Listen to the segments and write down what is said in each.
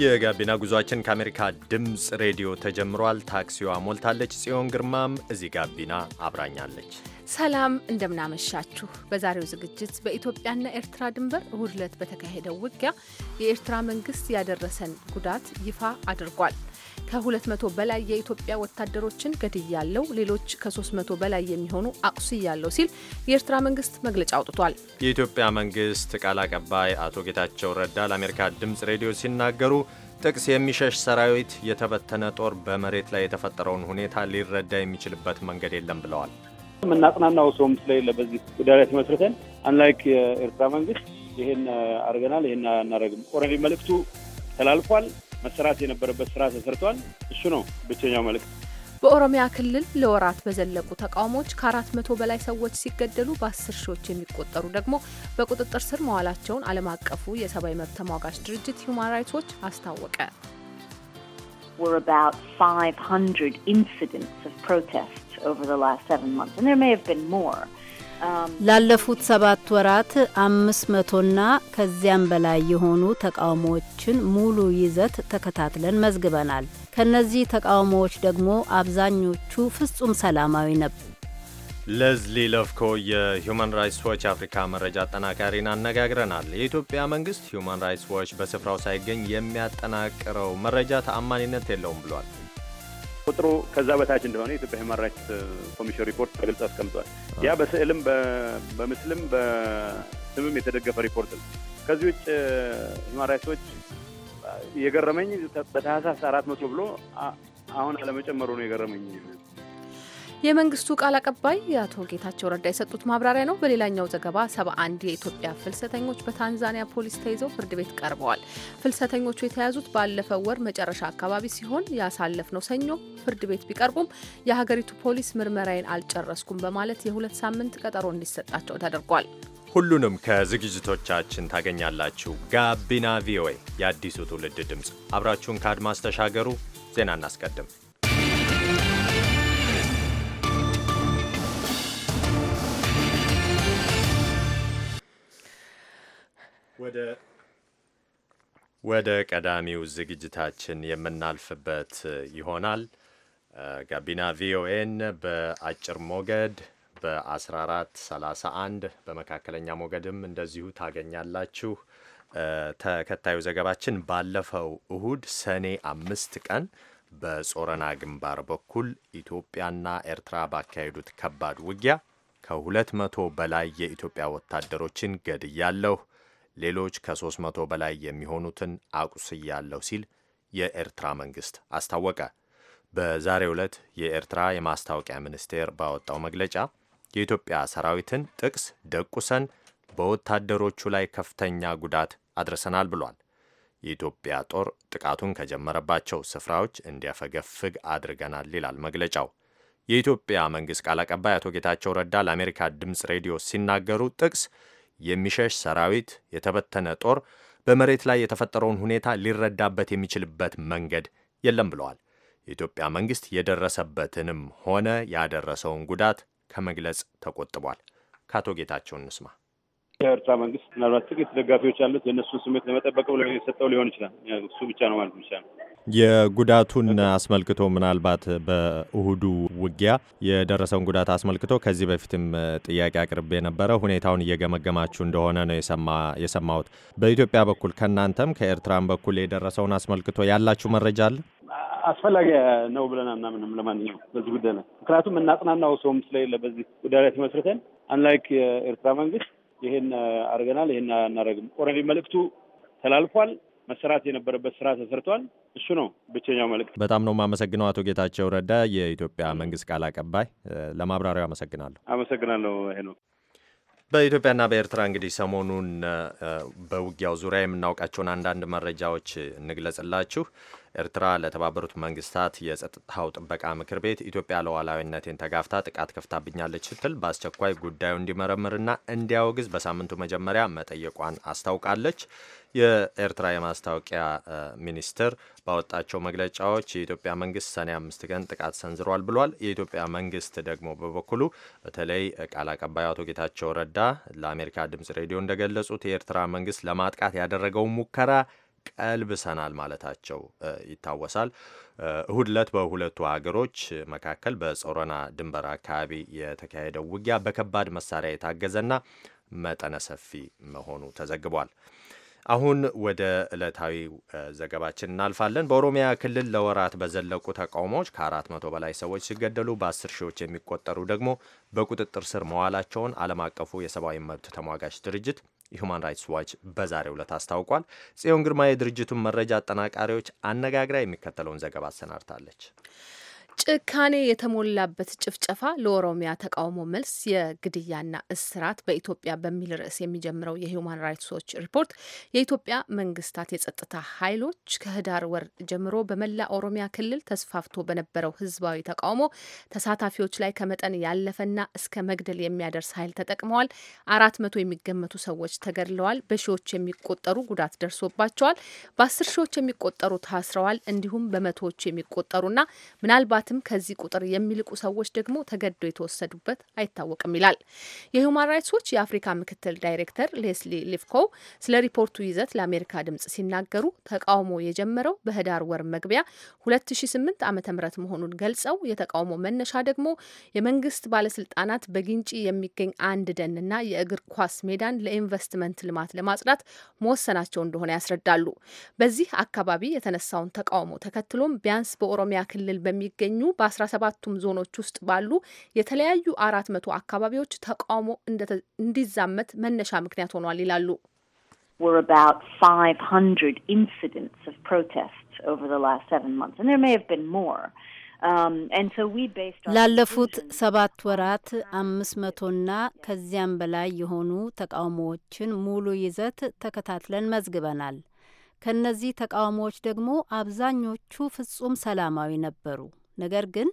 የጋቢና ጉዟችን ከአሜሪካ ድምፅ ሬዲዮ ተጀምሯል። ታክሲዋ ሞልታለች። ጽዮን ግርማም እዚህ ጋቢና አብራኛለች። ሰላም እንደምናመሻችሁ። በዛሬው ዝግጅት በኢትዮጵያና ኤርትራ ድንበር እሁድ ዕለት በተካሄደው ውጊያ የኤርትራ መንግስት ያደረሰን ጉዳት ይፋ አድርጓል። ከ200 በላይ የኢትዮጵያ ወታደሮችን ገድያለው፣ ሌሎች ከ300 በላይ የሚሆኑ አቁስያለው ሲል የኤርትራ መንግስት መግለጫ አውጥቷል። የኢትዮጵያ መንግስት ቃል አቀባይ አቶ ጌታቸው ረዳ ለአሜሪካ ድምፅ ሬዲዮ ሲናገሩ ጥቅስ የሚሸሽ ሰራዊት፣ የተበተነ ጦር በመሬት ላይ የተፈጠረውን ሁኔታ ሊረዳ የሚችልበት መንገድ የለም ብለዋል። የምናጽናናው ሰውም ስለሌለ በዚህ ጉዳይ ላይ ተመስርተን አንላይክ የኤርትራ መንግስት ይህን አድርገናል፣ ይህን አናደርግም። ኦልሬዲ መልእክቱ ተላልፏል። መሰራት የነበረበት ስራ ተሰርቷል። እሱ ነው ብቸኛው መልእክት። በኦሮሚያ ክልል ለወራት በዘለቁ ተቃውሞዎች ከአራት መቶ በላይ ሰዎች ሲገደሉ በአስር ሺዎች የሚቆጠሩ ደግሞ በቁጥጥር ስር መዋላቸውን ዓለም አቀፉ የሰብአዊ መብት ተሟጋች ድርጅት ሁማን ራይትስ ዎች አስታወቀ። ላለፉት ሰባት ወራት አምስት መቶና ከዚያም በላይ የሆኑ ተቃውሞዎችን ሙሉ ይዘት ተከታትለን መዝግበናል። ከነዚህ ተቃውሞዎች ደግሞ አብዛኞቹ ፍጹም ሰላማዊ ነበር። ለዝሊ ለፍኮ የሁማን ራይትስ ዎች አፍሪካ መረጃ አጠናካሪን አነጋግረናል። የኢትዮጵያ መንግስት ሁማን ራይትስ ዎች በስፍራው ሳይገኝ የሚያጠናቅረው መረጃ ተአማኒነት የለውም ብሏል። ቁጥሩ ከዛ በታች እንደሆነ የኢትዮጵያ ሂውማን ራይትስ ኮሚሽን ሪፖርት በግልጽ አስቀምጧል። ያ በስዕልም በምስልም በስምም የተደገፈ ሪፖርት ነው። ከዚህ ውጭ ሂውማን uh, ራይትሶች የገረመኝ በታህሳስ አራት መቶ ብሎ አሁን አለመጨመሩ ነው የገረመኝ። የመንግስቱ ቃል አቀባይ አቶ ጌታቸው ረዳ የሰጡት ማብራሪያ ነው። በሌላኛው ዘገባ 71 የኢትዮጵያ ፍልሰተኞች በታንዛኒያ ፖሊስ ተይዘው ፍርድ ቤት ቀርበዋል። ፍልሰተኞቹ የተያዙት ባለፈው ወር መጨረሻ አካባቢ ሲሆን ያሳለፍነው ሰኞ ፍርድ ቤት ቢቀርቡም የሀገሪቱ ፖሊስ ምርመራዬን አልጨረስኩም በማለት የሁለት ሳምንት ቀጠሮ እንዲሰጣቸው ተደርጓል። ሁሉንም ከዝግጅቶቻችን ታገኛላችሁ። ጋቢና ቪኦኤ የአዲሱ ትውልድ ድምፅ፣ አብራችሁን ከአድማስ ተሻገሩ። ዜና እናስቀድም። ወደ ቀዳሚው ዝግጅታችን የምናልፍበት ይሆናል። ጋቢና ቪኦኤን በአጭር ሞገድ በ1431 በመካከለኛ ሞገድም እንደዚሁ ታገኛላችሁ። ተከታዩ ዘገባችን ባለፈው እሁድ ሰኔ አምስት ቀን በጾረና ግንባር በኩል ኢትዮጵያና ኤርትራ ባካሄዱት ከባድ ውጊያ ከሁለት መቶ በላይ የኢትዮጵያ ወታደሮችን ገድያለሁ፣ ሌሎች ከ300 በላይ የሚሆኑትን አቁስያለሁ ሲል የኤርትራ መንግስት አስታወቀ። በዛሬው ዕለት የኤርትራ የማስታወቂያ ሚኒስቴር ባወጣው መግለጫ የኢትዮጵያ ሰራዊትን ጥቅስ ደቁሰን በወታደሮቹ ላይ ከፍተኛ ጉዳት አድርሰናል ብሏል። የኢትዮጵያ ጦር ጥቃቱን ከጀመረባቸው ስፍራዎች እንዲያፈገፍግ አድርገናል ይላል መግለጫው። የኢትዮጵያ መንግሥት ቃል አቀባይ አቶ ጌታቸው ረዳ ለአሜሪካ ድምፅ ሬዲዮ ሲናገሩ ጥቅስ የሚሸሽ ሰራዊት፣ የተበተነ ጦር በመሬት ላይ የተፈጠረውን ሁኔታ ሊረዳበት የሚችልበት መንገድ የለም ብለዋል። የኢትዮጵያ መንግስት የደረሰበትንም ሆነ ያደረሰውን ጉዳት ከመግለጽ ተቆጥቧል። ከአቶ ጌታቸው እንስማ። የኤርትራ መንግስት ምናልባት ጥቂት ደጋፊዎች ያሉት የእነሱን ስሜት ለመጠበቅ ብለው የሰጠው ሊሆን ይችላል። እሱ ብቻ ነው ማለት ብቻ ነው። የጉዳቱን አስመልክቶ ምናልባት በእሁዱ ውጊያ የደረሰውን ጉዳት አስመልክቶ ከዚህ በፊትም ጥያቄ አቅርቤ የነበረ ሁኔታውን እየገመገማችሁ እንደሆነ ነው የሰማሁት። በኢትዮጵያ በኩል ከእናንተም ከኤርትራም በኩል የደረሰውን አስመልክቶ ያላችሁ መረጃ አለ? አስፈላጊ ነው ብለን አናምንም። ለማንኛውም በዚህ ጉዳይ ነው ምክንያቱም እናጽናናው ሰውም ስለሌለ በዚህ ጉዳይ ላይ ተመስርተን አንላይክ የኤርትራ መንግስት ይህን አድርገናል፣ ይህን አናደርግም። ኦልሬዲ መልእክቱ ተላልፏል። መሰራት የነበረበት ስራ ተሰርቷል። እሱ ነው ብቸኛው መልእክት። በጣም ነው የማመሰግነው አቶ ጌታቸው ረዳ የኢትዮጵያ መንግስት ቃል አቀባይ፣ ለማብራሪያው አመሰግናለሁ። አመሰግናለሁ ሄኖክ። በኢትዮጵያና በኤርትራ እንግዲህ ሰሞኑን በውጊያው ዙሪያ የምናውቃቸውን አንዳንድ መረጃዎች እንግለጽላችሁ። ኤርትራ ለተባበሩት መንግስታት የጸጥታው ጥበቃ ምክር ቤት ኢትዮጵያ ሉዓላዊነቴን ተጋፍታ ጥቃት ከፍታብኛለች ስትል በአስቸኳይ ጉዳዩ እንዲመረምርና እንዲያወግዝ በሳምንቱ መጀመሪያ መጠየቋን አስታውቃለች። የኤርትራ የማስታወቂያ ሚኒስትር ባወጣቸው መግለጫዎች የኢትዮጵያ መንግስት ሰኔ አምስት ቀን ጥቃት ሰንዝሯል ብሏል። የኢትዮጵያ መንግስት ደግሞ በበኩሉ በተለይ ቃል አቀባዩ አቶ ጌታቸው ረዳ ለአሜሪካ ድምጽ ሬዲዮ እንደገለጹት የኤርትራ መንግስት ለማጥቃት ያደረገው ሙከራ ቀልብሰናል ማለታቸው ይታወሳል። እሁድ ዕለት በሁለቱ ሀገሮች መካከል በጾረና ድንበር አካባቢ የተካሄደው ውጊያ በከባድ መሳሪያ የታገዘና መጠነ ሰፊ መሆኑ ተዘግቧል። አሁን ወደ ዕለታዊ ዘገባችን እናልፋለን። በኦሮሚያ ክልል ለወራት በዘለቁ ተቃውሞዎች ከአራት መቶ በላይ ሰዎች ሲገደሉ በአስር ሺዎች የሚቆጠሩ ደግሞ በቁጥጥር ስር መዋላቸውን ዓለም አቀፉ የሰብአዊ መብት ተሟጋች ድርጅት ሁማን ራይትስ ዋች በዛሬው ዕለት አስታውቋል። ጽዮን ግርማ የድርጅቱን መረጃ አጠናቃሪዎች አነጋግራ የሚከተለውን ዘገባ አሰናድታለች። ጭካኔ የተሞላበት ጭፍጨፋ ለኦሮሚያ ተቃውሞ መልስ የግድያና እስራት በኢትዮጵያ በሚል ርዕስ የሚጀምረው የሂውማን ራይትስ ዎች ሪፖርት የኢትዮጵያ መንግስታት የጸጥታ ኃይሎች ከህዳር ወር ጀምሮ በመላ ኦሮሚያ ክልል ተስፋፍቶ በነበረው ህዝባዊ ተቃውሞ ተሳታፊዎች ላይ ከመጠን ያለፈና እስከ መግደል የሚያደርስ ኃይል ተጠቅመዋል። አራት መቶ የሚገመቱ ሰዎች ተገድለዋል። በሺዎች የሚቆጠሩ ጉዳት ደርሶባቸዋል። በአስር ሺዎች የሚቆጠሩ ታስረዋል። እንዲሁም በመቶዎች የሚቆጠሩና ምናልባት ምናልባትም ከዚህ ቁጥር የሚልቁ ሰዎች ደግሞ ተገዶ የተወሰዱበት አይታወቅም ይላል። የሁማን ራይትስ ዎች የአፍሪካ ምክትል ዳይሬክተር ሌስሊ ሊፍኮው ስለ ሪፖርቱ ይዘት ለአሜሪካ ድምጽ ሲናገሩ ተቃውሞ የጀመረው በህዳር ወር መግቢያ 2008 ዓ ም መሆኑን ገልጸው የተቃውሞ መነሻ ደግሞ የመንግስት ባለስልጣናት በግንጪ የሚገኝ አንድ ደንና የእግር ኳስ ሜዳን ለኢንቨስትመንት ልማት ለማጽዳት መወሰናቸው እንደሆነ ያስረዳሉ። በዚህ አካባቢ የተነሳውን ተቃውሞ ተከትሎም ቢያንስ በኦሮሚያ ክልል በሚገኝ በተገኙ በ 17 ዞኖች ውስጥ ባሉ የተለያዩ አራት መቶ አካባቢዎች ተቃውሞ እንዲዛመት መነሻ ምክንያት ሆኗል ይላሉ። um, ላለፉት ሰባት ወራት አምስት መቶና ከዚያም በላይ የሆኑ ተቃውሞዎችን ሙሉ ይዘት ተከታትለን መዝግበናል። ከእነዚህ ተቃውሞዎች ደግሞ አብዛኞቹ ፍጹም ሰላማዊ ነበሩ። ነገር ግን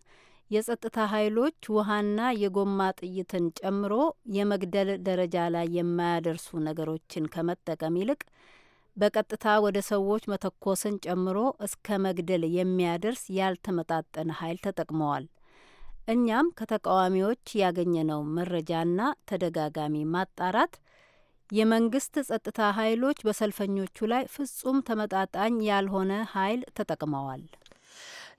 የጸጥታ ኃይሎች ውሃና የጎማ ጥይትን ጨምሮ የመግደል ደረጃ ላይ የማያደርሱ ነገሮችን ከመጠቀም ይልቅ በቀጥታ ወደ ሰዎች መተኮስን ጨምሮ እስከ መግደል የሚያደርስ ያልተመጣጠነ ኃይል ተጠቅመዋል። እኛም ከተቃዋሚዎች ያገኘነው መረጃና ተደጋጋሚ ማጣራት የመንግስት ጸጥታ ኃይሎች በሰልፈኞቹ ላይ ፍጹም ተመጣጣኝ ያልሆነ ኃይል ተጠቅመዋል።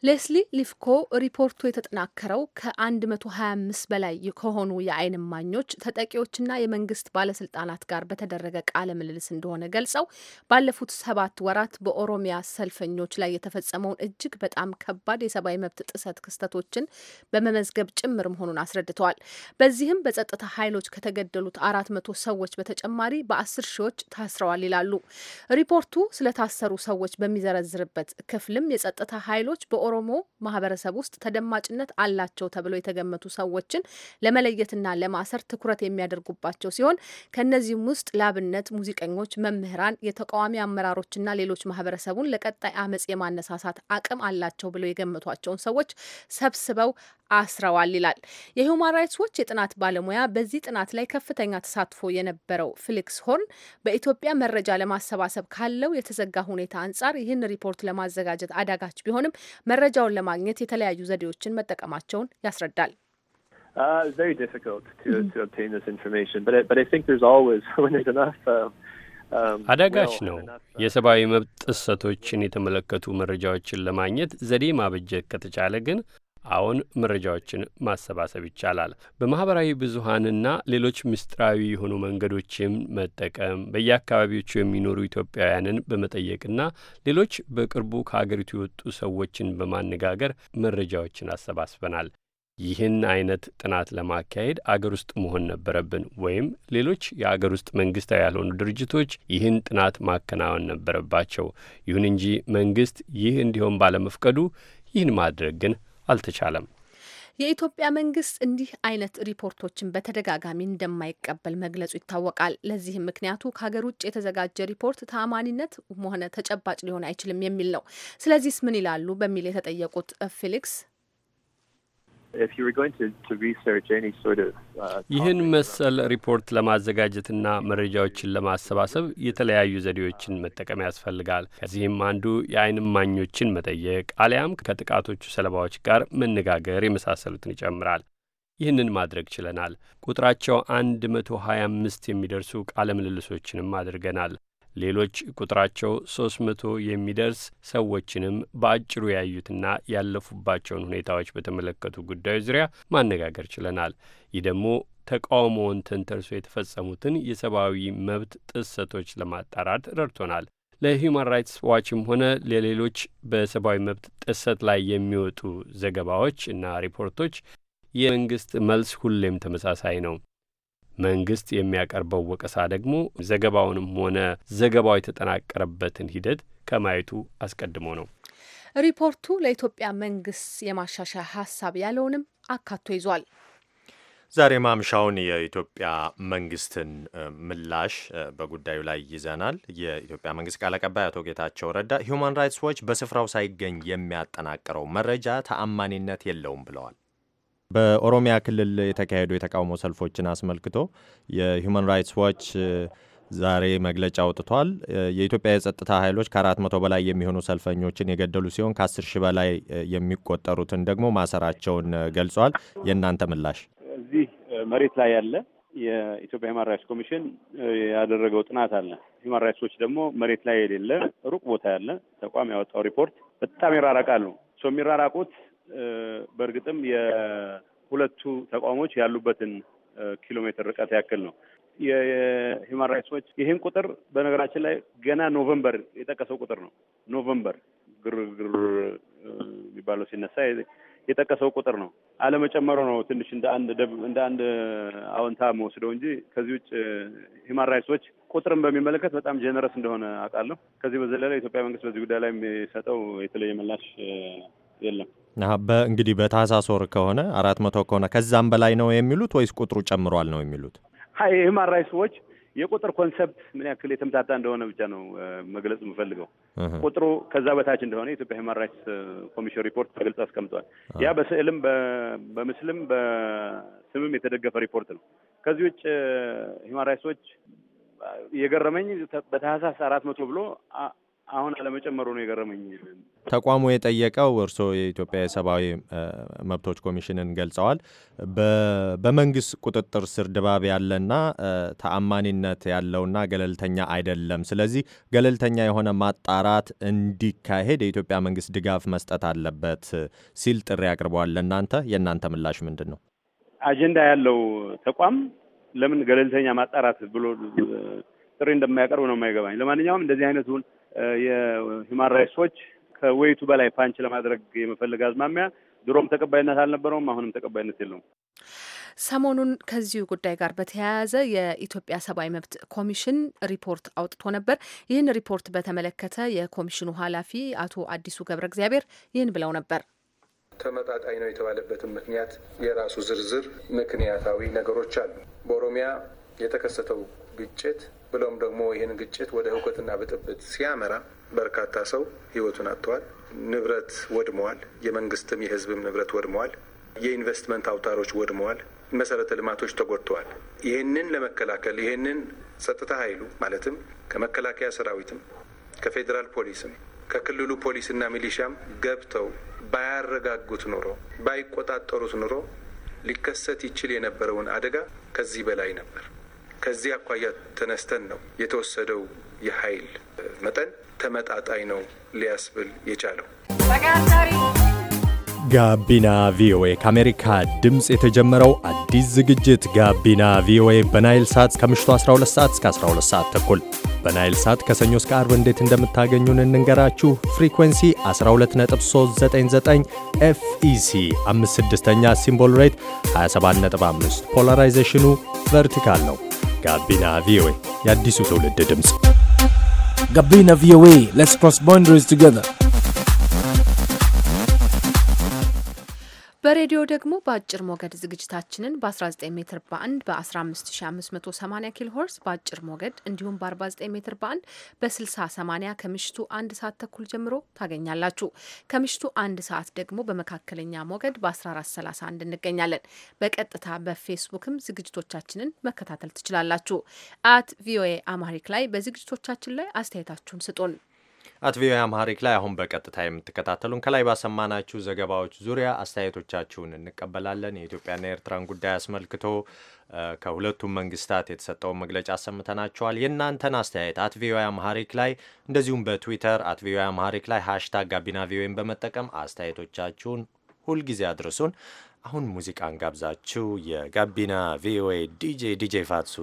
ሌስሊ ሊፍኮ ሪፖርቱ የተጠናከረው ከ125 በላይ ከሆኑ የአይን እማኞች ተጠቂዎችና የመንግስት ባለስልጣናት ጋር በተደረገ ቃለ ምልልስ እንደሆነ ገልጸው ባለፉት ሰባት ወራት በኦሮሚያ ሰልፈኞች ላይ የተፈጸመውን እጅግ በጣም ከባድ የሰብአዊ መብት ጥሰት ክስተቶችን በመመዝገብ ጭምር መሆኑን አስረድተዋል። በዚህም በጸጥታ ኃይሎች ከተገደሉት አራት መቶ ሰዎች በተጨማሪ በአስር ሺዎች ታስረዋል ይላሉ። ሪፖርቱ ስለታሰሩ ሰዎች በሚዘረዝርበት ክፍልም የጸጥታ ኃይሎች በ በኦሮሞ ማህበረሰብ ውስጥ ተደማጭነት አላቸው ተብለው የተገመቱ ሰዎችን ለመለየትና ለማሰር ትኩረት የሚያደርጉባቸው ሲሆን ከእነዚህም ውስጥ ላብነት ሙዚቀኞች፣ መምህራን፣ የተቃዋሚ አመራሮችና ሌሎች ማህበረሰቡን ለቀጣይ አመፅ የማነሳሳት አቅም አላቸው ብለው የገመቷቸውን ሰዎች ሰብስበው አስረዋል ይላል። የሁማን ራይትስ ዎች የጥናት ባለሙያ በዚህ ጥናት ላይ ከፍተኛ ተሳትፎ የነበረው ፊሊክስ ሆርን በኢትዮጵያ መረጃ ለማሰባሰብ ካለው የተዘጋ ሁኔታ አንጻር ይህን ሪፖርት ለማዘጋጀት አዳጋች ቢሆንም መረጃውን ለማግኘት የተለያዩ ዘዴዎችን መጠቀማቸውን ያስረዳል። አዳጋች ነው። uh, የሰብአዊ መብት ጥሰቶችን የተመለከቱ መረጃዎችን ለማግኘት ዘዴ ማበጀት ከተቻለ ግን አዎን መረጃዎችን ማሰባሰብ ይቻላል። በማህበራዊ ብዙሀንና ሌሎች ምስጢራዊ የሆኑ መንገዶችም መጠቀም በየአካባቢዎቹ የሚኖሩ ኢትዮጵያውያንን በመጠየቅና ሌሎች በቅርቡ ከሀገሪቱ የወጡ ሰዎችን በማነጋገር መረጃዎችን አሰባስበናል። ይህን አይነት ጥናት ለማካሄድ አገር ውስጥ መሆን ነበረብን፣ ወይም ሌሎች የአገር ውስጥ መንግስታዊ ያልሆኑ ድርጅቶች ይህን ጥናት ማከናወን ነበረባቸው። ይሁን እንጂ መንግስት ይህ እንዲሆን ባለመፍቀዱ ይህን ማድረግ ግን አልተቻለም። የኢትዮጵያ መንግስት እንዲህ አይነት ሪፖርቶችን በተደጋጋሚ እንደማይቀበል መግለጹ ይታወቃል። ለዚህም ምክንያቱ ከሀገር ውጭ የተዘጋጀ ሪፖርት ተአማኒነት ሆነ ተጨባጭ ሊሆን አይችልም የሚል ነው። ስለዚህስ ምን ይላሉ በሚል የተጠየቁት ፊሊክስ Uh, ይህን መሰል ሪፖርት ለማዘጋጀትና መረጃዎችን ለማሰባሰብ የተለያዩ ዘዴዎችን መጠቀም ያስፈልጋል። ከዚህም አንዱ የአይን እማኞችን መጠየቅ አሊያም ከጥቃቶቹ ሰለባዎች ጋር መነጋገር የመሳሰሉትን ይጨምራል። ይህንን ማድረግ ችለናል። ቁጥራቸው አንድ መቶ ሀያ አምስት የሚደርሱ ቃለ ምልልሶችንም አድርገናል። ሌሎች ቁጥራቸው ሶስት መቶ የሚደርስ ሰዎችንም በአጭሩ ያዩትና ያለፉባቸውን ሁኔታዎች በተመለከቱ ጉዳዮች ዙሪያ ማነጋገር ችለናል። ይህ ደግሞ ተቃውሞውን ተንተርሶ የተፈጸሙትን የሰብአዊ መብት ጥሰቶች ለማጣራት ረድቶናል። ለሂውማን ራይትስ ዋችም ሆነ ለሌሎች በሰብአዊ መብት ጥሰት ላይ የሚወጡ ዘገባዎች እና ሪፖርቶች የመንግስት መልስ ሁሌም ተመሳሳይ ነው። መንግስት የሚያቀርበው ወቀሳ ደግሞ ዘገባውንም ሆነ ዘገባው የተጠናቀረበትን ሂደት ከማየቱ አስቀድሞ ነው። ሪፖርቱ ለኢትዮጵያ መንግስት የማሻሻያ ሀሳብ ያለውንም አካቶ ይዟል። ዛሬ ማምሻውን የኢትዮጵያ መንግስትን ምላሽ በጉዳዩ ላይ ይዘናል። የኢትዮጵያ መንግስት ቃል አቀባይ አቶ ጌታቸው ረዳ ሂዩማን ራይትስ ዎች በስፍራው ሳይገኝ የሚያጠናቅረው መረጃ ተአማኒነት የለውም ብለዋል። በኦሮሚያ ክልል የተካሄዱ የተቃውሞ ሰልፎችን አስመልክቶ የሁማን ራይትስ ዋች ዛሬ መግለጫ አውጥቷል። የኢትዮጵያ የጸጥታ ኃይሎች ከአራት መቶ በላይ የሚሆኑ ሰልፈኞችን የገደሉ ሲሆን ከአስር ሺህ በላይ የሚቆጠሩትን ደግሞ ማሰራቸውን ገልጿል። የእናንተ ምላሽ? እዚህ መሬት ላይ ያለ የኢትዮጵያ ሁማን ራይትስ ኮሚሽን ያደረገው ጥናት አለ። ሁማን ራይትስ ዎች ደግሞ መሬት ላይ የሌለ ሩቅ ቦታ ያለ ተቋም ያወጣው ሪፖርት በጣም ይራራቃሉ። ሰው የሚራራቁት በእርግጥም የሁለቱ ተቋሞች ያሉበትን ኪሎ ሜትር ርቀት ያክል ነው። የሂማን ራይትስ ዎች ይህን ቁጥር በነገራችን ላይ ገና ኖቨምበር የጠቀሰው ቁጥር ነው። ኖቨምበር ግርግር የሚባለው ሲነሳ የጠቀሰው ቁጥር ነው። አለመጨመሩ ነው ትንሽ እንደ አንድ እንደ አንድ አዎንታ መወስደው እንጂ ከዚህ ውጭ ሂማን ራይትስ ዎች ቁጥርን በሚመለከት በጣም ጀነረስ እንደሆነ አውቃለሁ። ከዚህ በዘለለ ኢትዮጵያ መንግስት በዚህ ጉዳይ ላይ የሚሰጠው የተለየ ምላሽ የለም። እንግዲህ በታህሳስ ወር ከሆነ አራት መቶ ከሆነ ከዛም በላይ ነው የሚሉት ወይስ ቁጥሩ ጨምሯል ነው የሚሉት? አይ ራይትስ ዎች የቁጥር ኮንሰፕት ምን ያክል የተምታታ እንደሆነ ብቻ ነው መግለጽ የምፈልገው። ቁጥሩ ከዛ በታች እንደሆነ የኢትዮጵያ ሂውማን ራይትስ ኮሚሽን ሪፖርት በግልጽ አስቀምጧል። ያ በስዕልም በምስልም በስምም የተደገፈ ሪፖርት ነው። ከዚህ ውጭ ሂውማን ራይትስ ዎች የገረመኝ በታህሳስ አራት መቶ ብሎ አሁን አለመጨመሩ ነው የገረመኝ። ተቋሙ የጠየቀው እርስዎ የኢትዮጵያ የሰብአዊ መብቶች ኮሚሽንን ገልጸዋል። በመንግስት ቁጥጥር ስር ድባብ ያለና ተአማኒነት ያለውና ገለልተኛ አይደለም። ስለዚህ ገለልተኛ የሆነ ማጣራት እንዲካሄድ የኢትዮጵያ መንግስት ድጋፍ መስጠት አለበት ሲል ጥሪ አቅርበዋል። ለእናንተ የእናንተ ምላሽ ምንድን ነው? አጀንዳ ያለው ተቋም ለምን ገለልተኛ ማጣራት ብሎ ጥሪ እንደማያቀርብ ነው የማይገባኝ። ለማንኛውም እንደዚህ አይነቱን የሂማን ራይትስ ዎች ከወይቱ በላይ ፓንች ለማድረግ የመፈለግ አዝማሚያ ድሮም ተቀባይነት አልነበረውም፣ አሁንም ተቀባይነት የለውም። ሰሞኑን ከዚሁ ጉዳይ ጋር በተያያዘ የኢትዮጵያ ሰብአዊ መብት ኮሚሽን ሪፖርት አውጥቶ ነበር። ይህን ሪፖርት በተመለከተ የኮሚሽኑ ኃላፊ አቶ አዲሱ ገብረ እግዚአብሔር ይህን ብለው ነበር። ተመጣጣኝ ነው የተባለበትን ምክንያት የራሱ ዝርዝር ምክንያታዊ ነገሮች አሉ። በኦሮሚያ የተከሰተው ግጭት ብሎም ደግሞ ይህን ግጭት ወደ እውከትና ብጥብጥ ሲያመራ በርካታ ሰው ህይወቱን አጥተዋል። ንብረት ወድመዋል። የመንግስትም የህዝብም ንብረት ወድመዋል። የኢንቨስትመንት አውታሮች ወድመዋል። መሰረተ ልማቶች ተጎድተዋል። ይህንን ለመከላከል ይህንን ጸጥታ ኃይሉ ማለትም ከመከላከያ ሰራዊትም ከፌዴራል ፖሊስም ከክልሉ ፖሊስና ሚሊሻም ገብተው ባያረጋጉት ኑሮ ባይቆጣጠሩት ኑሮ ሊከሰት ይችል የነበረውን አደጋ ከዚህ በላይ ነበር። ከዚህ አኳያ ተነስተን ነው የተወሰደው የኃይል መጠን ተመጣጣኝ ነው ሊያስብል የቻለው። ጋቢና ቪኦኤ ከአሜሪካ ድምፅ የተጀመረው አዲስ ዝግጅት ጋቢና ቪኦኤ በናይል ሳት ከምሽቱ 12 ሰዓት እስከ 12 ሰዓት ተኩል በናይል ሳት ከሰኞ እስከ አርብ እንዴት እንደምታገኙን እንንገራችሁ። ፍሪኩንሲ 12399 ኤፍኢሲ 56ኛ ሲምቦል ሬት 275 ፖላራይዜሽኑ ቨርቲካል ነው። ጋቢና ቪኦኤ የአዲሱ ትውልድ ድምፅ። ጋቢና ቪኦኤ ሌትስ ክሮስ ባውንደሪስ ቱጌዘር በሬዲዮ ደግሞ በአጭር ሞገድ ዝግጅታችንን በ19 ሜትር በአንድ በ15580 ኪሎ ሆርስ በአጭር ሞገድ እንዲሁም በ49 ሜትር በአንድ በ6080 ከምሽቱ አንድ ሰዓት ተኩል ጀምሮ ታገኛላችሁ። ከምሽቱ አንድ ሰዓት ደግሞ በመካከለኛ ሞገድ በ1431 እንገኛለን። በቀጥታ በፌስቡክም ዝግጅቶቻችንን መከታተል ትችላላችሁ። አት ቪኦኤ አማሪክ ላይ በዝግጅቶቻችን ላይ አስተያየታችሁን ስጡን። አት ቪኦኤ አምሃሪክ ላይ አሁን በቀጥታ የምትከታተሉን ከላይ ባሰማናችሁ ዘገባዎች ዙሪያ አስተያየቶቻችሁን እንቀበላለን። የኢትዮጵያና የኤርትራን ጉዳይ አስመልክቶ ከሁለቱም መንግስታት የተሰጠውን መግለጫ አሰምተናቸዋል። የእናንተን አስተያየት አት ቪኦኤ አምሃሪክ ላይ እንደዚሁም በትዊተር አት ቪኦኤ አምሃሪክ ላይ ሀሽታግ ጋቢና ቪኦኤን በመጠቀም አስተያየቶቻችሁን ሁልጊዜ አድርሱን። አሁን ሙዚቃን ጋብዛችሁ የጋቢና ቪኦኤ ዲጄ ዲጄ ፋትሱ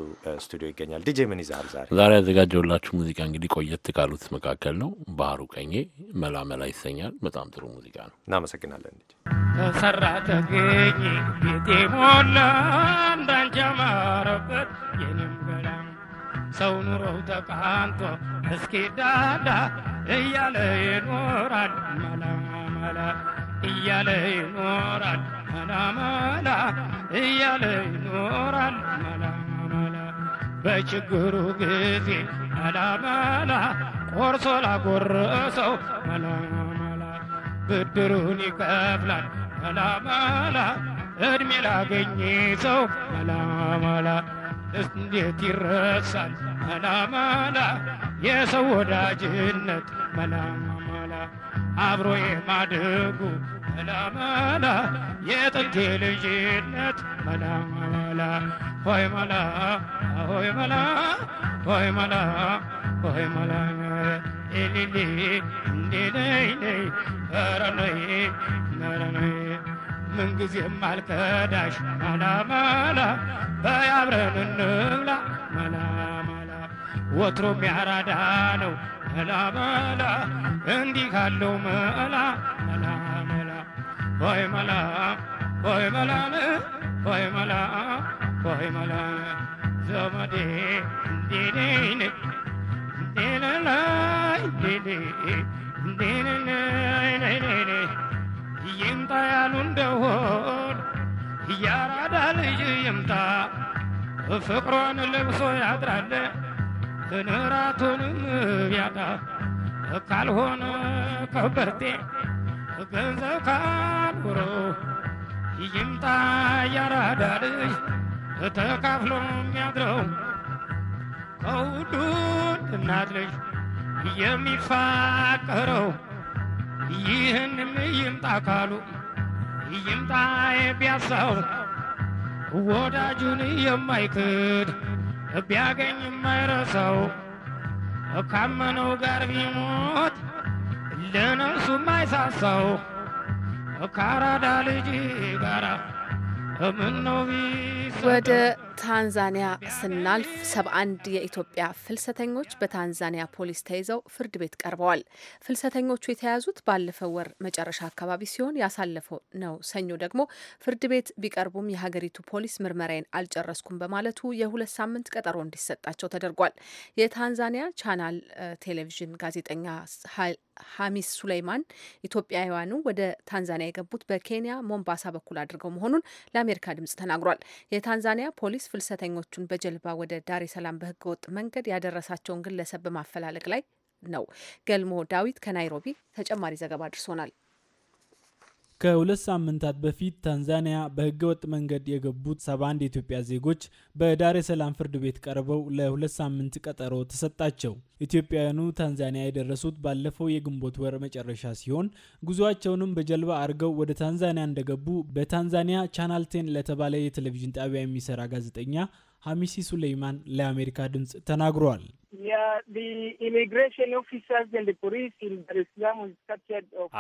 ስቱዲዮ ይገኛል። ዲጄ ምን ይዛል ዛሬ? ዛሬ ያዘጋጀውላችሁ ሙዚቃ እንግዲህ ቆየት ካሉት መካከል ነው። ባህሩ ቀኜ መላመላ ይሰኛል። በጣም ጥሩ ሙዚቃ ነው። እናመሰግናለን። ተሰራ ተገኝ ቤቴ ሞላ እንዳንቺ የኔም ገላም ሰው ኑሮው ተቃንቶ እስኪ ዳዳ እያለ ይኖራል መላ መላ እያለ ይኖራል መላመላ እያለ ይኖራል መላመላ በችግሩ ጊዜ መላመላ ቆርሶ ላጎረሰው መላመላ ብድሩን ይከፍላል መላመላ እድሜ ላገኘ ሰው መላመላ እንዴት ይረሳል መላመላ የሰው ወዳጅነት መላመላ አብሮ የማደጉ መላመላ የጥንቴ ልጅነት መላመላ ሆይ መላ ሆይ መላ ሆይ መላ ሆይ መላ ኢሊሊ እንዴነይነይ ረነይ መረነይ ምንጊዜ ማልከዳሽ መላመላ በያብረን እንብላ መላ ወትሮም ያራዳ ነው። መላ መላ እንዲህ ካለው መላ መላ መላ ወይ መላ ወይ መላ ወይ መላ ወይ መላ ዘመዴ እንዴኔን እንዴነላይ እንዴኔ እንዴነላይኔኔ ይምጣ ያሉ እንደሆን ያራዳ ልጅ ይምጣ ፍቅሯን ለብሶ ያድራለ ትንራቱንም ቢያጣ ካልሆነ ከበርቴ ገንዘብ ካልውሮ ይምጣ ያራዳ ልጅ ተካፍሎ የሚያድረው ከሁዱ እናት ልጅ የሚፋቀረው ይህንም ይምጣ ካሉ ይምጣ ቢያሳው ወዳጁን የማይክድ ቢያገኝ የማይረሳው ካመነው ጋር ቢሞት ለነፍሱ የማይሳሳው ካራዳ ልጅ ጋራ ምነው ቢ ወደ ታንዛኒያ ስናልፍ ሰባ የኢትዮጵያ ፍልሰተኞች በታንዛኒያ ፖሊስ ተይዘው ፍርድ ቤት ቀርበዋል። ፍልሰተኞቹ የተያዙት ባለፈው ወር መጨረሻ አካባቢ ሲሆን ያሳለፈው ነው ሰኞ ደግሞ ፍርድ ቤት ቢቀርቡም የሀገሪቱ ፖሊስ ምርመራዬን አልጨረስኩም በማለቱ የሁለት ሳምንት ቀጠሮ እንዲሰጣቸው ተደርጓል። የታንዛኒያ ቻናል ቴሌቪዥን ጋዜጠኛ ሀሚስ ሱሌይማን ኢትዮጵያውያኑ ወደ ታንዛኒያ የገቡት በኬንያ ሞምባሳ በኩል አድርገው መሆኑን ለአሜሪካ ድምጽ ተናግሯል። የታንዛኒያ ፖሊስ ፍልሰተኞቹን በጀልባ ወደ ዳሬ ሰላም በህገወጥ መንገድ ያደረሳቸውን ግለሰብ በማፈላለግ ላይ ነው። ገልሞ ዳዊት ከናይሮቢ ተጨማሪ ዘገባ አድርሶናል። ከሁለት ሳምንታት በፊት ታንዛኒያ በህገ ወጥ መንገድ የገቡት 71 የኢትዮጵያ ዜጎች በዳሬ ሰላም ፍርድ ቤት ቀርበው ለሁለት ሳምንት ቀጠሮ ተሰጣቸው። ኢትዮጵያውያኑ ታንዛኒያ የደረሱት ባለፈው የግንቦት ወር መጨረሻ ሲሆን ጉዞአቸውንም በጀልባ አድርገው ወደ ታንዛኒያ እንደገቡ በታንዛኒያ ቻናል ቴን ለተባለ የቴሌቪዥን ጣቢያ የሚሰራ ጋዜጠኛ ሀሚሲ ሱሌይማን ለአሜሪካ ድምፅ ተናግረዋል።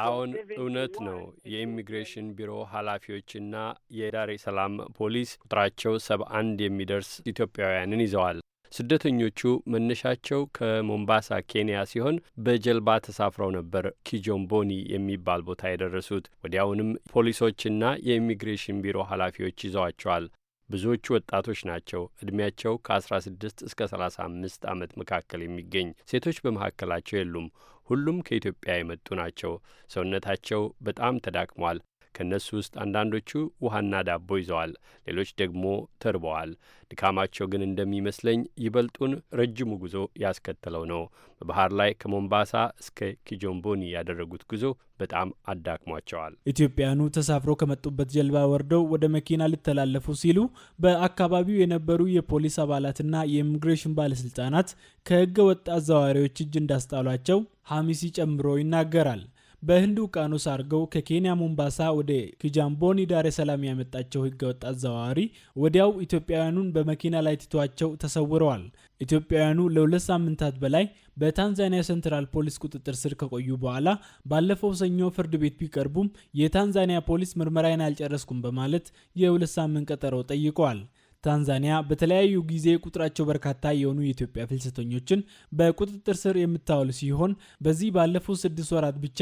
አሁን እውነት ነው። የኢሚግሬሽን ቢሮ ኃላፊዎችና የዳሬ ሰላም ፖሊስ ቁጥራቸው ሰባ አንድ የሚደርስ ኢትዮጵያውያንን ይዘዋል። ስደተኞቹ መነሻቸው ከሞምባሳ ኬንያ ሲሆን በጀልባ ተሳፍረው ነበር ኪጆምቦኒ የሚባል ቦታ የደረሱት። ወዲያውንም ፖሊሶችና የኢሚግሬሽን ቢሮ ኃላፊዎች ይዘዋቸዋል። ብዙዎቹ ወጣቶች ናቸው። ዕድሜያቸው ከ16 እስከ 35 ዓመት መካከል የሚገኝ ሴቶች በመካከላቸው የሉም። ሁሉም ከኢትዮጵያ የመጡ ናቸው። ሰውነታቸው በጣም ተዳክሟል። ከእነሱ ውስጥ አንዳንዶቹ ውሃና ዳቦ ይዘዋል፣ ሌሎች ደግሞ ተርበዋል። ድካማቸው ግን እንደሚመስለኝ ይበልጡን ረጅሙ ጉዞ ያስከተለው ነው። በባህር ላይ ከሞምባሳ እስከ ኪጆምቦኒ ያደረጉት ጉዞ በጣም አዳክሟቸዋል። ኢትዮጵያኑ ተሳፍረው ከመጡበት ጀልባ ወርደው ወደ መኪና ሊተላለፉ ሲሉ በአካባቢው የነበሩ የፖሊስ አባላትና የኢሚግሬሽን ባለስልጣናት ከህገ ወጥ አዘዋዋሪዎች እጅ እንዳስጣሏቸው ሀሚሲ ጨምሮ ይናገራል። በህንድ ውቅያኖስ አድርገው ከኬንያ ሞምባሳ ወደ ኪጃምቦኒ ዳሬ ሰላም ያመጣቸው ህገወጥ አዘዋዋሪ ወዲያው ኢትዮጵያውያኑን በመኪና ላይ ትቷቸው ተሰውረዋል። ኢትዮጵያውያኑ ለሁለት ሳምንታት በላይ በታንዛኒያ ሴንትራል ፖሊስ ቁጥጥር ስር ከቆዩ በኋላ ባለፈው ሰኞ ፍርድ ቤት ቢቀርቡም የታንዛኒያ ፖሊስ ምርመራዬን አልጨረስኩም በማለት የሁለት ሳምንት ቀጠሮ ጠይቀዋል። ታንዛኒያ በተለያዩ ጊዜ ቁጥራቸው በርካታ የሆኑ የኢትዮጵያ ፍልሰተኞችን በቁጥጥር ስር የምታውል ሲሆን በዚህ ባለፉት ስድስት ወራት ብቻ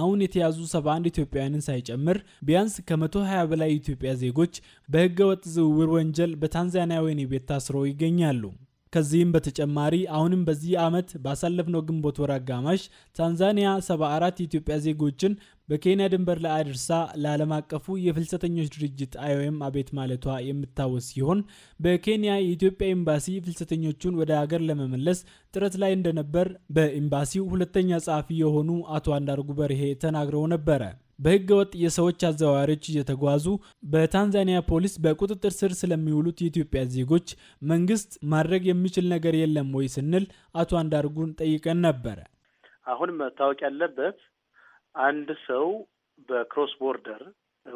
አሁን የተያዙ 71 ኢትዮጵያውያንን ሳይጨምር ቢያንስ ከ120 በላይ የኢትዮጵያ ዜጎች በህገወጥ ዝውውር ወንጀል በታንዛኒያ ወህኒ ቤት ታስረው ይገኛሉ። ከዚህም በተጨማሪ አሁንም በዚህ ዓመት ባሳለፍነው ግንቦት ወር አጋማሽ ታንዛኒያ 74 የኢትዮጵያ ዜጎችን በኬንያ ድንበር ላይ አድርሳ ለዓለም አቀፉ የፍልሰተኞች ድርጅት አይኦኤም አቤት ማለቷ የምታወስ ሲሆን በኬንያ የኢትዮጵያ ኤምባሲ ፍልሰተኞቹን ወደ ሀገር ለመመለስ ጥረት ላይ እንደነበር በኤምባሲው ሁለተኛ ጸሐፊ የሆኑ አቶ አንዳርጉ በርሄ ተናግረው ነበረ። በህገ ወጥ የሰዎች አዘዋዋሪዎች እየተጓዙ በታንዛኒያ ፖሊስ በቁጥጥር ስር ስለሚውሉት የኢትዮጵያ ዜጎች መንግስት ማድረግ የሚችል ነገር የለም ወይ ስንል አቶ አንዳርጉን ጠይቀን ነበረ። አሁን መታወቅ ያለበት አንድ ሰው በክሮስ ቦርደር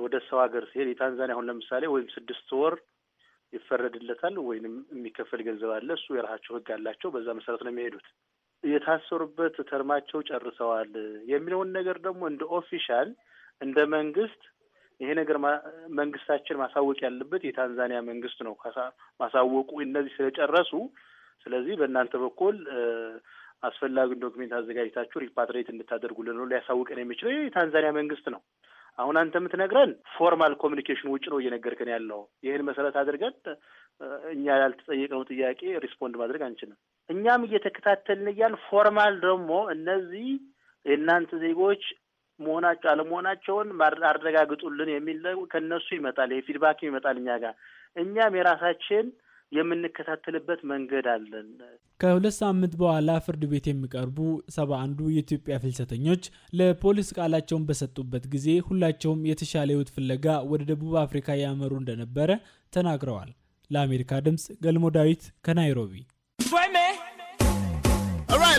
ወደ ሰው ሀገር ሲሄድ የታንዛኒያ አሁን ለምሳሌ ወይም ስድስት ወር ይፈረድለታል ወይንም የሚከፈል ገንዘብ አለ። እሱ የራሳቸው ህግ አላቸው። በዛ መሰረት ነው የሚሄዱት። የታሰሩበት ተርማቸው ጨርሰዋል የሚለውን ነገር ደግሞ እንደ ኦፊሻል እንደ መንግስት ይሄ ነገር መንግስታችን ማሳወቅ ያለበት የታንዛኒያ መንግስት ነው። ማሳወቁ እነዚህ ስለጨረሱ፣ ስለዚህ በእናንተ በኩል አስፈላጊውን ዶክሜንት አዘጋጅታችሁ ሪፓትሬት እንድታደርጉልን ነው ሊያሳውቀን የሚችለው የታንዛኒያ መንግስት ነው። አሁን አንተ የምትነግረን ፎርማል ኮሚኒኬሽን ውጭ ነው እየነገርከን ያለው። ይህን መሰረት አድርገን እኛ ያልተጠየቅነው ጥያቄ ሪስፖንድ ማድረግ አንችልም። እኛም እየተከታተልን እያል ፎርማል ደግሞ እነዚህ የእናንተ ዜጎች መሆናቸው አለመሆናቸውን አረጋግጡልን የሚል ከነሱ ይመጣል፣ የፊድባክ ይመጣል እኛ ጋር። እኛም የራሳችን የምንከታተልበት መንገድ አለን። ከሁለት ሳምንት በኋላ ፍርድ ቤት የሚቀርቡ ሰባ አንዱ የኢትዮጵያ ፍልሰተኞች ለፖሊስ ቃላቸውን በሰጡበት ጊዜ ሁላቸውም የተሻለ ሕይወት ፍለጋ ወደ ደቡብ አፍሪካ ያመሩ እንደነበረ ተናግረዋል። ለአሜሪካ ድምፅ ገልሞ ዳዊት ከናይሮቢ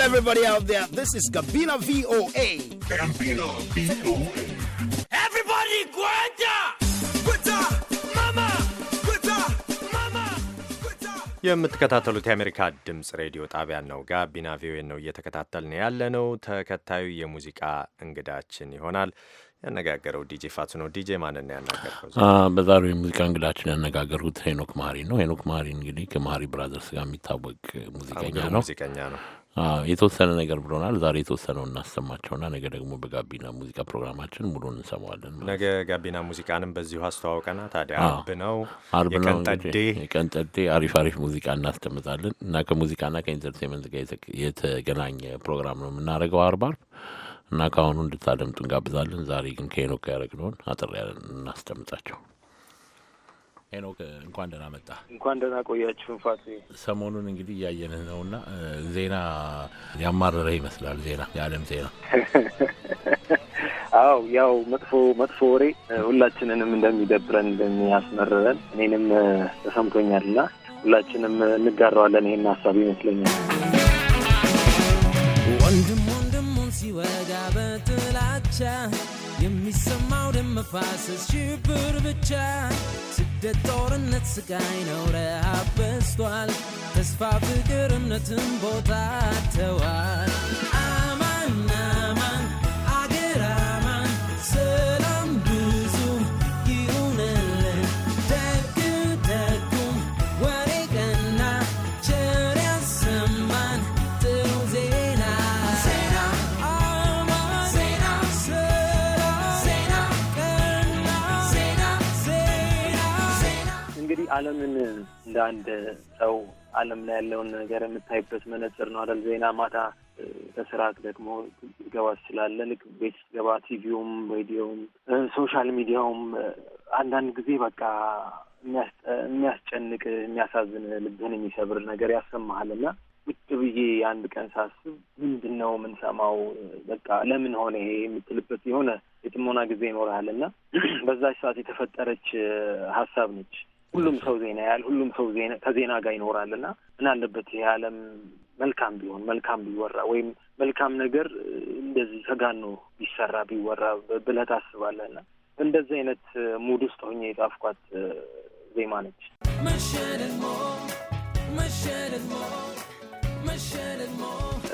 everybody out there. This is Gabina VOA. Gabina VOA. Everybody, Guanta! Guanta! Mama! Guanta! Mama! የምትከታተሉት የአሜሪካ ድምፅ ሬዲዮ ጣቢያን ነው። ጋቢና ቪኦኤ ነው እየተከታተልን ያለ ነው። ተከታዩ የሙዚቃ እንግዳችን ይሆናል። ያነጋገረው ዲጄ ፋቱ ነው። ዲጄ ማንን ያናገርኩት? በዛሬው የሙዚቃ እንግዳችን ያነጋገርኩት ሄኖክ ማሪ ነው። ሄኖክ ማሪ እንግዲህ ከማሪ ብራዘርስ ጋር የሚታወቅ ሙዚቀኛ ነው ሙዚቀኛ ነው የተወሰነ ነገር ብሎናል። ዛሬ የተወሰነው እናሰማቸውና ነገ ደግሞ በጋቢና ሙዚቃ ፕሮግራማችን ሙሉን እንሰማዋለን። ነገ ጋቢና ሙዚቃንም በዚሁ አስተዋውቀና ታዲያ አርብ ነው አርብ ነው አሪፍ አሪፍ ሙዚቃ እናስደምጣለን እና ከሙዚቃና ከኢንተርቴንመንት ጋር የተገናኘ ፕሮግራም ነው የምናደርገው አርብ አርብ እና ከአሁኑ እንድታደምጡ እንጋብዛለን። ዛሬ ግን ከሄኖክ ያደረግነውን አጠር ያለን እናስደምጣቸው። ሄኖክ እንኳን ደህና መጣ። እንኳን ደህና ቆያችሁ። እንፋት ሰሞኑን እንግዲህ እያየንህ ነው እና ዜና ያማረረ ይመስላል። ዜና የዓለም ዜና አው ያው መጥፎ መጥፎ ወሬ ሁላችንንም እንደሚደብረን እንደሚያስመርረን እኔንም ተሰምቶኛልና ሁላችንም እንጋራዋለን ይህን ሀሳብ ይመስለኛል። ወንድም ወንድሙን ሲወጋ በጥላቻ የሚሰማው ደም መፋሰስ ሽብር ብቻ የጦርነት ስቃይ ነው ረሃብ ተስፋ ፍቅር ቦታ ተዋል። ዓለምን እንደ አንድ ሰው ዓለም ላይ ያለውን ነገር የምታይበት መነጽር ነው አይደል? ዜና ማታ ከስርዓት ደግሞ ገባ ትችላለ። ልክ ቤት ገባ ቲቪውም፣ ሬዲዮውም፣ ሶሻል ሚዲያውም አንዳንድ ጊዜ በቃ የሚያስጨንቅ የሚያሳዝን፣ ልብህን የሚሰብር ነገር ያሰማሃል እና ቁጭ ብዬ አንድ ቀን ሳስብ ምንድን ነው የምንሰማው? በቃ ለምን ሆነ ይሄ የምትልበት የሆነ የጥሞና ጊዜ ይኖርሃል እና በዛች ሰዓት የተፈጠረች ሀሳብ ነች ሁሉም ሰው ዜና ያህል ሁሉም ሰው ዜና ከዜና ጋር ይኖራል እና ምን አለበት ይሄ ዓለም መልካም ቢሆን መልካም ቢወራ ወይም መልካም ነገር እንደዚህ ተጋኖ ቢሰራ ቢወራ ብለህ ታስባለህ እና እንደዚህ አይነት ሙድ ውስጥ ሆኜ የጻፍኳት ዜማ ነች።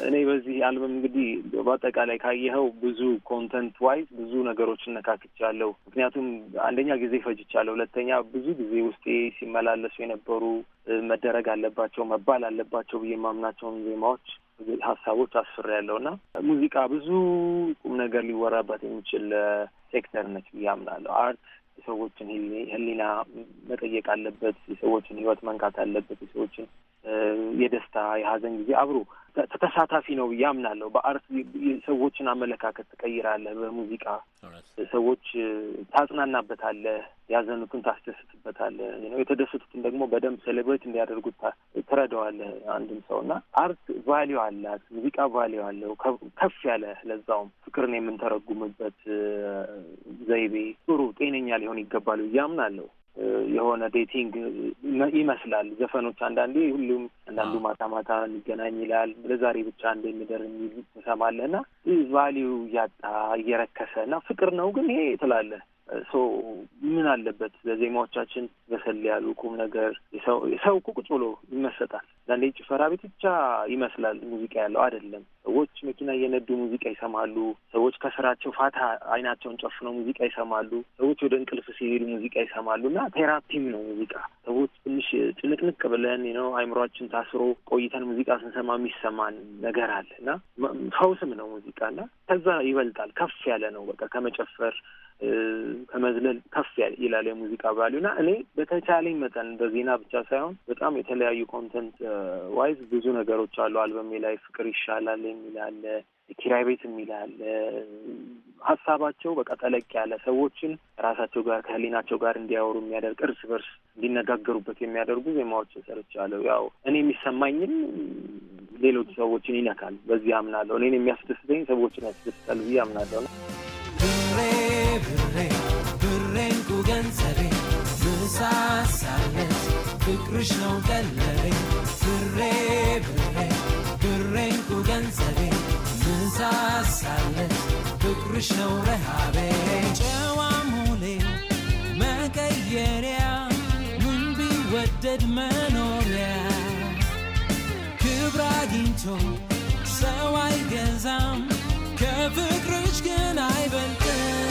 እኔ በዚህ አልበም እንግዲህ በአጠቃላይ ካየኸው ብዙ ኮንተንት ዋይዝ ብዙ ነገሮች እነካክቻለሁ። ምክንያቱም አንደኛ ጊዜ ፈጅቻለሁ፣ ሁለተኛ ብዙ ጊዜ ውስጤ ሲመላለሱ የነበሩ መደረግ አለባቸው መባል አለባቸው ብዬ የማምናቸውን ዜማዎች፣ ሀሳቦች አስፍሬያለሁ እና ሙዚቃ ብዙ ቁም ነገር ሊወራበት የሚችል ሴክተር ነች ብዬ አምናለሁ። አርት የሰዎችን ህሊና መጠየቅ አለበት። የሰዎችን ህይወት መንካት አለበት። የሰዎችን የደስታ የሀዘን ጊዜ አብሮ ተሳታፊ ነው ብዬ አምናለሁ። በአርት ሰዎችን አመለካከት ትቀይራለህ። በሙዚቃ ሰዎች ታጽናናበታለህ፣ ያዘኑትን ታስደስትበታለህ፣ የተደሰቱትን ደግሞ በደንብ ሴሌብሬት እንዲያደርጉት ትረዳዋለህ አንድም ሰው እና አርት ቫሊዩ አላት፣ ሙዚቃ ቫሊዩ አለው ከፍ ያለ ለዛውም ፍቅርን የምንተረጉምበት ዘይቤ ጥሩ ጤነኛ ሊሆን ይገባሉ ብዬ አምናለሁ። የሆነ ዴቲንግ ይመስላል ዘፈኖች። አንዳንዴ ሁሉም አንዳንዱ ማታ ማታ እንገናኝ ይላል፣ ለዛሬ ብቻ እንደ የሚደር የሚል ትሰማለህ እና ቫሊዩ እያጣ እየረከሰ እና ፍቅር ነው ግን ይሄ ትላለህ ምን አለበት ለዜማዎቻችን በሰል ያሉ ቁም ነገር ሰው እኮ ቁጭ ብሎ ይመሰጣል። ዛንዴ ጭፈራ ቤት ብቻ ይመስላል ሙዚቃ ያለው አይደለም። ሰዎች መኪና እየነዱ ሙዚቃ ይሰማሉ። ሰዎች ከስራቸው ፋታ አይናቸውን ጨፍነው ሙዚቃ ይሰማሉ። ሰዎች ወደ እንቅልፍ ሲሄዱ ሙዚቃ ይሰማሉ እና ቴራፒም ነው ሙዚቃ። ሰዎች ትንሽ ጭንቅንቅ ብለን ነው አይምሯችን ታስሮ ቆይተን ሙዚቃ ስንሰማ የሚሰማን ነገር አለ እና ፈውስም ነው ሙዚቃ እና ከዛ ይበልጣል ከፍ ያለ ነው በቃ ከመጨፈር ከመዝለል ከፍ ይላል የሙዚቃ ቫሊዩ እና እኔ በተቻለኝ መጠን በዜና ብቻ ሳይሆን በጣም የተለያዩ ኮንተንት ዋይዝ ብዙ ነገሮች አሉ። አልበሜ ላይ ፍቅር ይሻላል የሚላለ ኪራይ ቤት የሚላለ ሀሳባቸው በቃ ጠለቅ ያለ ሰዎችን ራሳቸው ጋር ከህሊናቸው ጋር እንዲያወሩ የሚያደርግ እርስ በርስ እንዲነጋገሩበት የሚያደርጉ ዜማዎችን ሰርቻለሁ። ያው እኔ የሚሰማኝን ሌሎች ሰዎችን ይነካል፣ በዚህ አምናለሁ። እኔን የሚያስደስተኝ ሰዎችን ያስደስታል ብዬ አምናለሁ ነው ብሬ ብሬን ኩገንዘቤ ምሳሳለት ፍቅርሽ ነው ቀለቤ ብሬ ብሬ ብሬን ኩገንዘቤ ምሳሳለት ፍቅርሽ ነው ረሃቤ ጨዋሙሌ መቀየሪያ ምን ቢወደድ መኖሪያ ክብር አግኝቶ ሰው አይገዛም ከፍቅርሽ ግን አይበልጥም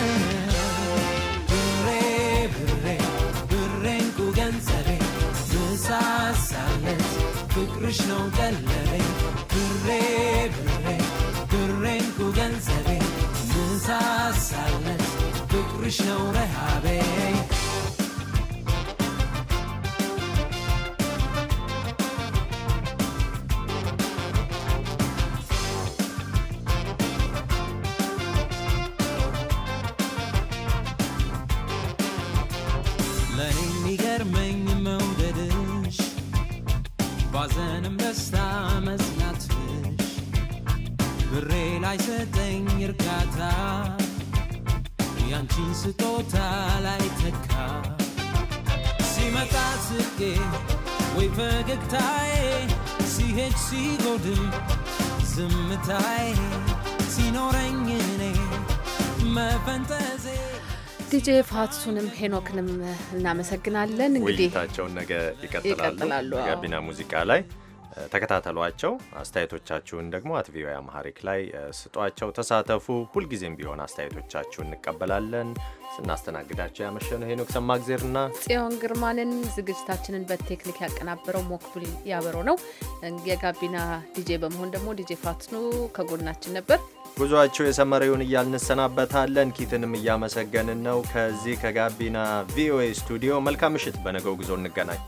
አመት ፍቅርሽ ነው ቀለቤ ብሬ ብሬ ብሬን ገንዘቤ ምሳሳነት ፍቅርሽ ነው ረሃቤ ዲጄ ፋትሱንም ሄኖክንም እናመሰግናለን። እንግዲህ ውይይታቸውን ነገ ይቀጥላሉ ጋቢና ሙዚቃ ላይ ተከታተሏቸው። አስተያየቶቻችሁን ደግሞ አት ቪኦኤ አማሪክ ላይ ስጧቸው፣ ተሳተፉ። ሁልጊዜም ቢሆን አስተያየቶቻችሁን እንቀበላለን። ስናስተናግዳቸው ያመሸነው ሄኖክ ሰማግዜርና ጽዮን ግርማንን፣ ዝግጅታችንን በቴክኒክ ያቀናበረው ሞክብል ያበረው ነው። የጋቢና ዲጄ በመሆን ደግሞ ዲጄ ፋትኑ ከጎናችን ነበር። ጉዟቸው የሰመረ ይሁን እንሰናበታለን። ኪትንም እያመሰገንን ነው። ከዚህ ከጋቢና ቪኦኤ ስቱዲዮ መልካም ምሽት። በነገው ጉዞ እንገናኝ።